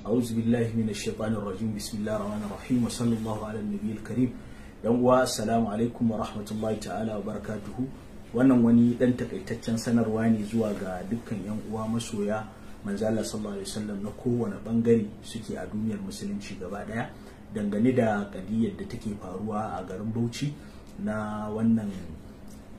أعوذ بالله من الشيطان الرجيم بسم الله الرحمن الرحيم وصلى الله على النبي الكريم يوم السلام عليكم ورحمة الله تعالى وبركاته wannan wani dan takaitaccen sanarwa ne zuwa ga dukkan yan uwa masoya manzo Allah sallallahu alaihi wasallam na kowane bangare suke a duniyar musulunci gaba daya dangane da kadiyar da take faruwa a garin Bauchi na wannan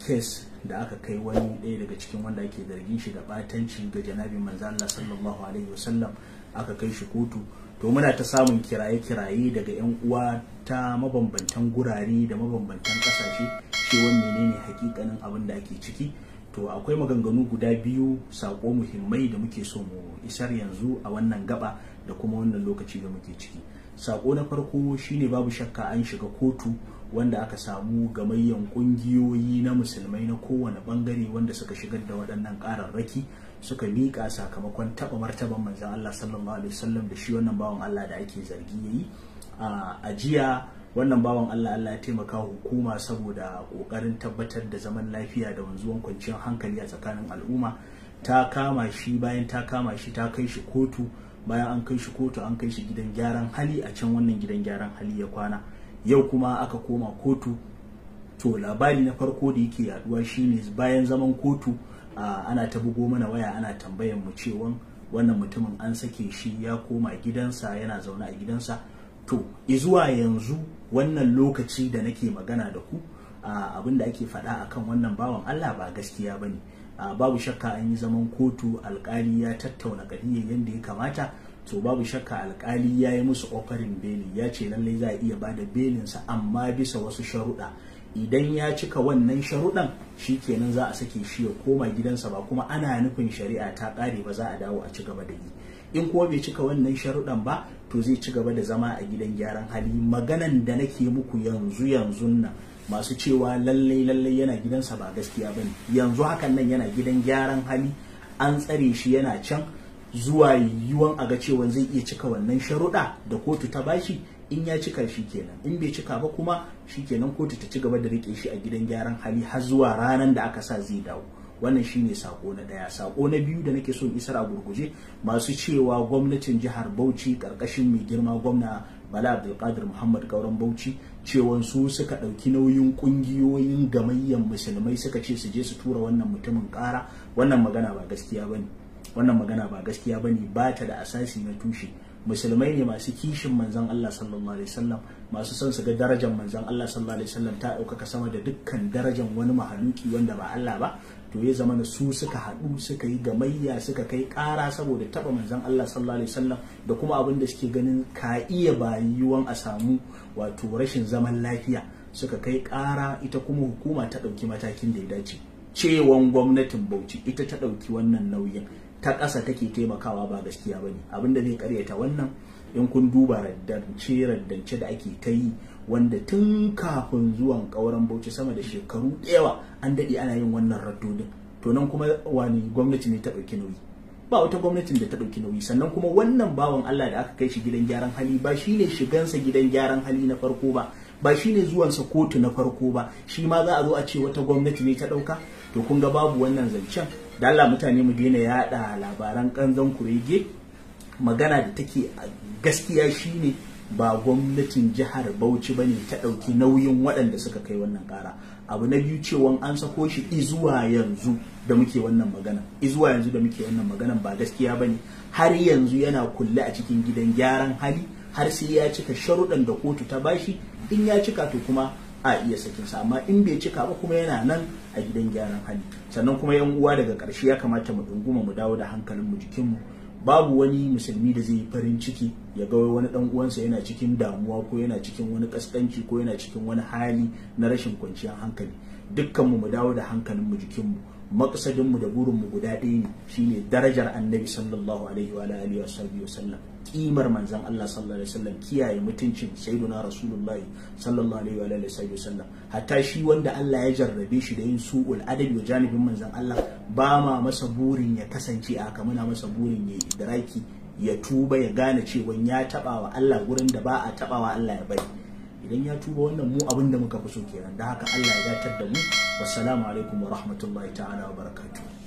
kes da aka kai wani ɗaya daga cikin wanda ake zargin shi da batanci ga janabi manzo Allah sallallahu alaihi wasallam aka kai shi kotu to muna ta samun kiraye-kiraye daga 'yan uwa ta mabambantan gurare da mabambantan kasashe cewa menene hakikanin abin da ake ciki to akwai maganganu guda biyu saƙo muhimmai da muke so mu isar yanzu a wannan gaba da kuma wannan lokaci da muke ciki sako na farko shine babu shakka an shiga kotu wanda aka samu gamayyan kungiyoyi na musulmai na kowane bangare wanda suka shigar da waɗannan ƙararraki suka miƙa sakamakon taɓa martaban manzan Allah sallallahu alaihi wasallam da shi wannan bawan Allah da ake zargi ya yi. a jiya wannan bawan Allah Allah ya taimaka hukuma saboda ƙoƙarin tabbatar da zaman lafiya da wanzuwan kwanciyar hankali a tsakanin al'umma ta kama shi bayan ta kama shi ta kai shi kotu bayan an kai shi kotu an kai shi gidan gyaran hali a can wannan gidan gyaran hali ya kwana yau kuma aka koma kotu to labari na farko da yake yaduwa shine bayan zaman kotu ana ta bugo mana waya ana tambayan mu cewan wannan mutumin an sake shi ya koma gidansa yana zaune a gidansa to izuwa yanzu wannan lokaci da nake magana da ku abin da ake faɗa akan wannan bawan Allah ba gaskiya bane babu shakka an yi zaman kotu alkali ya tattauna kadiyar yadda ya kamata to babu shakka alkali ya yi musu ofarin beli ya ce lallai za a iya ba da belinsa amma bisa wasu sharuɗa idan ya cika wannan sharuɗan shi kenan za a sake shi ya koma gidansa ba kuma ana nufin shari'a ta ƙare ba za a dawo a ci gaba da yi in kuma bai cika wannan sharuɗan ba to zai ci gaba da zama a gidan gyaran hali maganan da nake muku yanzu yanzu nan masu cewa lallai lallai yana gidansa ba gaskiya ba ne yanzu hakan nan yana gidan gyaran hali an tsare shi yana can zuwa yiwuwan a ga cewa zai iya cika wannan sharuɗa da kotu ta bashi in ya cika shi kenan in bai cika ba kuma shi kenan kotu ta ci gaba da rike shi a gidan gyaran hali har zuwa ranar da aka sa zai dawo wannan shine sako na daya sako na biyu da nake so in isar a gurguje masu cewa gwamnatin jihar Bauchi karkashin mai girma gwamna Bala Abdulkadir Muhammad Gauran Bauchi cewan su suka ɗauki nauyin ƙungiyoyin gamayyan musulmai suka ce su je su tura wannan mutumin ƙara wannan magana ba gaskiya bane wannan magana ba gaskiya bane ba ta da asasi na tushe musulmai ne masu kishin manzon Allah sallallahu alaihi wasallam masu son su ga darajar manzon Allah sallallahu alaihi wasallam ta ɗaukaka sama da dukkan darajar wani mahaluki wanda ba Allah ba to ya zama su suka haɗu suka yi gamayya suka kai ƙara saboda taɓa manzan Allah sallallahu alaihi wasallam da kuma abin da suke ganin ka iya bayuwan a samu wato rashin zaman lafiya suka kai ƙara ita kuma hukuma ta ɗauki matakin da ya dace cewan gwamnatin Bauchi ita ta ɗauki wannan nauyin ta ƙasa take taimakawa ba gaskiya bane abin da zai ƙaryata wannan in kun duba raddance raddance da ake ta yi wanda tun kafin zuwan ƙauren bauchi sama da shekaru wa an daɗe ana yin wannan raddodin to nan kuma wani gwamnati ne ta ɗauki nauyi ba wata gwamnatin da ta ɗauki nauyi sannan kuma wannan bawan Allah da aka kai shi gidan gyaran hali ba shi ne shigansa gidan gyaran hali na farko ba ba shi shine sa kotu na farko ba shi ma za a zo a ce wata gwamnati ne ta ɗauka to kun ga babu wannan zancen da Allah mutane mu daina yaɗa labaran ƙanzon kurege magana da take gaskiya shine ba gwamnatin jihar Bauchi bane ta ɗauki nauyin waɗanda suka kai wannan ƙara abu na biyu cewa an sako shi izuwa yanzu da muke wannan magana izuwa yanzu da muke wannan magana ba gaskiya bane har yanzu yana kulle a cikin gidan gyaran hali har sai ya cika sharuɗan da kotu ta bashi in ya cika to kuma a iya sakin sa amma in bai cika ba kuma yana nan a gidan gyaran hali sannan kuma yan uwa daga ƙarshe ya kamata mu dunguma mu dawo da hankalin mu jikin mu babu wani musulmi da zai yi farin ciki ya ga wani dan uwansa yana cikin damuwa ko yana cikin wani kaskanci ko yana cikin wani hali na rashin kwanciyar hankali dukkan mu mu dawo da hankalin mu jikin mu mu da mu guda ɗaya ne shine darajar annabi sallallahu alaihi wa alihi wa sahbihi sallam kimar manzon Allah sallallahu alaihi sallam kiyaye mutuncin sayyiduna rasulullahi sallallahu alaihi wa alihi wa sallam hatta shi wanda Allah ya jarrabe shi da yin su'ul adabi wa janibin manzon Allah ba ma masa burin ya kasance a haka muna masa burin ya idraki ya tuba ya gane cewa ya wa Allah gurin da ba a wa Allah ya bari idan ya tuba wannan mu abin da muka fi so kenan da haka Allah ya datar da mu wassalamu alaikum wa rahmatullahi ta'ala wa barakatuh